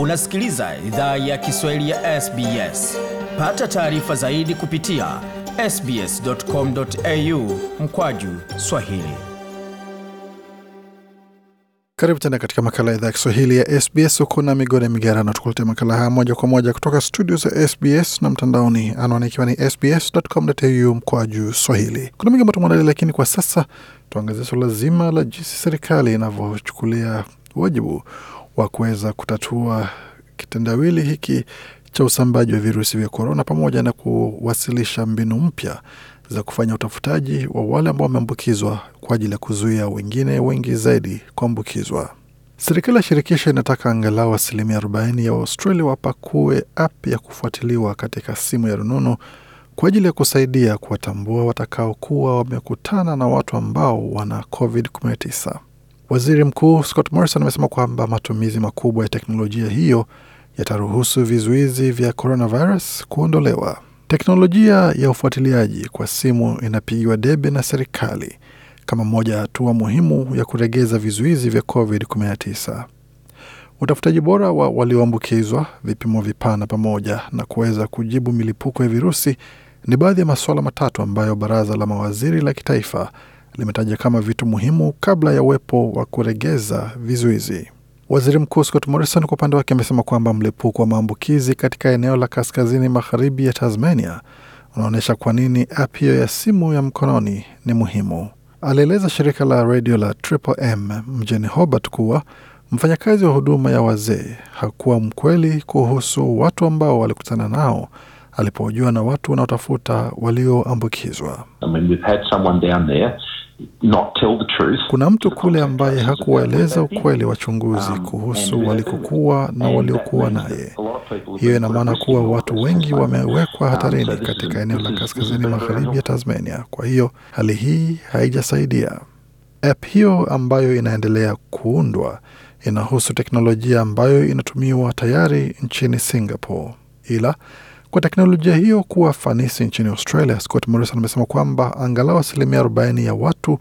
Unasikiliza idhaa ya Kiswahili ya SBS. Pata taarifa zaidi kupitia sbs.com.au mkwaju swahili. Karibu tena katika makala ya idhaa ya Kiswahili ya SBS. Ukuna migode migerano tukuletea makala haya moja kwa moja kutoka studio za SBS na mtandaoni, anaone ikiwa ni sbs.com.au mkwaju swahili. Kuna mingi ambayo lakini kwa sasa tuangazia suala zima la jinsi serikali inavyochukulia wajibu wa kuweza kutatua kitendawili hiki cha usambaji wa virusi vya korona, pamoja na kuwasilisha mbinu mpya za kufanya utafutaji wa wale ambao wameambukizwa kwa ajili ya kuzuia wengine wengi zaidi kuambukizwa. Serikali ya shirikisho inataka angalau asilimia 40 ya Waustralia wapakue app ya kufuatiliwa katika simu ya rununu kwa ajili ya kusaidia kuwatambua watakaokuwa wamekutana na watu ambao wana COVID-19. Waziri Mkuu Scott Morrison amesema kwamba matumizi makubwa ya teknolojia hiyo yataruhusu vizuizi vya coronavirus kuondolewa. Teknolojia ya ufuatiliaji kwa simu inapigiwa debe na serikali kama moja ya hatua muhimu ya kuregeza vizuizi vya COVID-19. Utafutaji bora wa walioambukizwa, vipimo vipana, pamoja na kuweza kujibu milipuko ya virusi ni baadhi ya masuala matatu ambayo baraza la mawaziri la kitaifa limetaja kama vitu muhimu kabla ya uwepo wa kuregeza vizuizi. Waziri Mkuu Scott Morrison kwa upande wake amesema kwamba mlipuko wa maambukizi katika eneo la kaskazini magharibi ya Tasmania unaonyesha kwa nini app hiyo ya simu ya mkononi ni muhimu. Alieleza shirika la redio la Triple M mjini Hobart kuwa mfanyakazi wa huduma ya wazee hakuwa mkweli kuhusu watu ambao walikutana nao alipojua na watu wanaotafuta walioambukizwa. I mean, kuna mtu kule ambaye hakuwaeleza ukweli wachunguzi um, kuhusu walikokuwa na waliokuwa naye. Hiyo ina maana kuwa watu wengi wamewekwa um, hatarini katika eneo la kaskazini magharibi ya Tasmania. Kwa hiyo hali hii haijasaidia. App hiyo ambayo inaendelea kuundwa inahusu teknolojia ambayo inatumiwa tayari nchini Singapore, ila kwa teknolojia hiyo kuwa fanisi nchini Australia. Scott Morrison amesema kwamba angalau asilimia 40 ya watu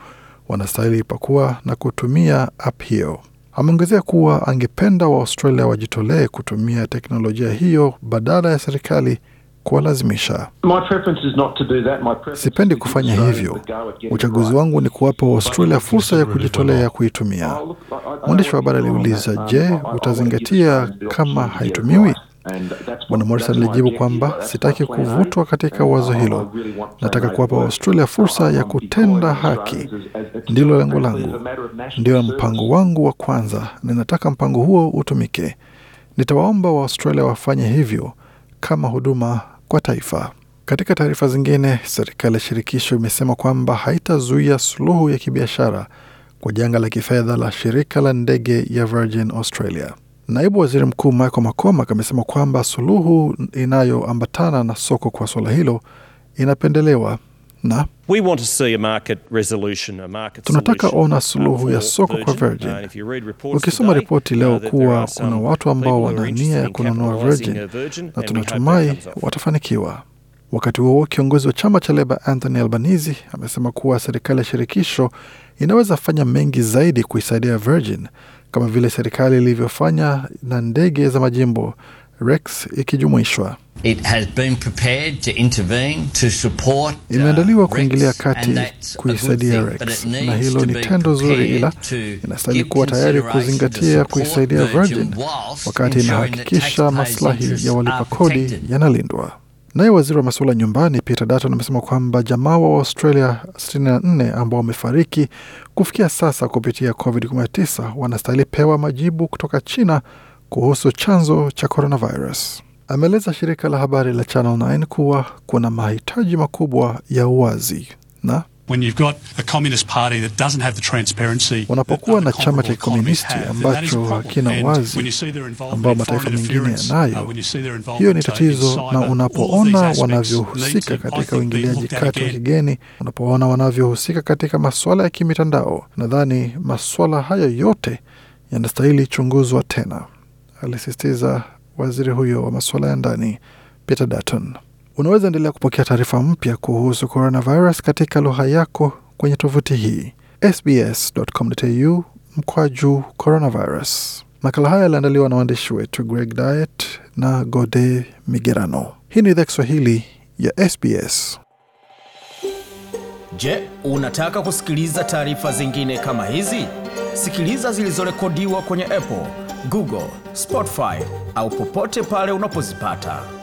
wanastahili pakuwa na kutumia app hiyo. Ameongezea kuwa angependa Waaustralia wajitolee kutumia teknolojia hiyo badala ya serikali kuwalazimisha. Sipendi kufanya hivyo. Uchaguzi wangu ni kuwapa Waustralia fursa ya kujitolea kuitumia. Oh, Mwandishi wa habari aliuliza, je, um, utazingatia kama haitumiwi? Bwana Morrison alijibu kwamba sitaki kuvutwa katika wazo hilo, nataka kuwapa Waustralia fursa ya kutenda haki. Ndilo lengo langu, ndio mpango wangu wa kwanza. Ninataka mpango huo utumike. Nitawaomba Waaustralia wafanye hivyo kama huduma kwa taifa. Katika taarifa zingine, serikali ya shirikisho imesema kwamba haitazuia suluhu ya kibiashara kwa janga la kifedha la shirika la ndege ya Virgin Australia. Naibu waziri mkuu Michael McCormack amesema kwamba suluhu inayoambatana na soko kwa suala hilo inapendelewa na We want to see a market resolution, a market tunataka ona suluhu ya soko kwa Virgin. Ukisoma ripoti uh, leo kuwa kuna watu ambao wana nia ya kununua Virgin na tunatumai watafanikiwa. Wakati huo kiongozi wa chama cha Leba Anthony Albanese amesema kuwa serikali ya shirikisho inaweza fanya mengi zaidi kuisaidia Virgin kama vile serikali ilivyofanya na ndege za majimbo Rex ikijumuishwa. Uh, Imeandaliwa kuingilia kati kuisaidia Rex, na hilo ni tendo zuri, ila inastahili kuwa tayari kuzingatia kuisaidia Virgin wakati inahakikisha maslahi ya walipa kodi yanalindwa. Naye waziri wa masuala nyumbani Peter Dutton amesema kwamba jamaa wa Australia 64 ambao wamefariki kufikia sasa kupitia COVID-19 wanastahili pewa majibu kutoka China kuhusu chanzo cha coronavirus. Ameeleza shirika la habari la Channel 9 kuwa kuna mahitaji makubwa ya uwazi na Unapokuwa na chama cha kikomunisti ambacho hakina wazi ambao mataifa mengine uh, yanayo, hiyo ni tatizo. Na unapoona wanavyohusika katika uingiliaji kati wa kigeni, unapoona wanavyohusika katika maswala ya kimitandao, nadhani maswala hayo yote yanastahili chunguzwa tena, alisisitiza waziri huyo wa masuala ya ndani Peter Dutton. Unaweza endelea kupokea taarifa mpya kuhusu coronavirus katika lugha yako kwenye tovuti hii sbs.com.au mkwaju coronavirus. Makala haya yaliandaliwa na waandishi wetu Greg Diet na Gode Migerano. Hii ni idhaa Kiswahili ya SBS. Je, unataka kusikiliza taarifa zingine kama hizi? Sikiliza zilizorekodiwa kwenye Apple, Google, Spotify au popote pale unapozipata.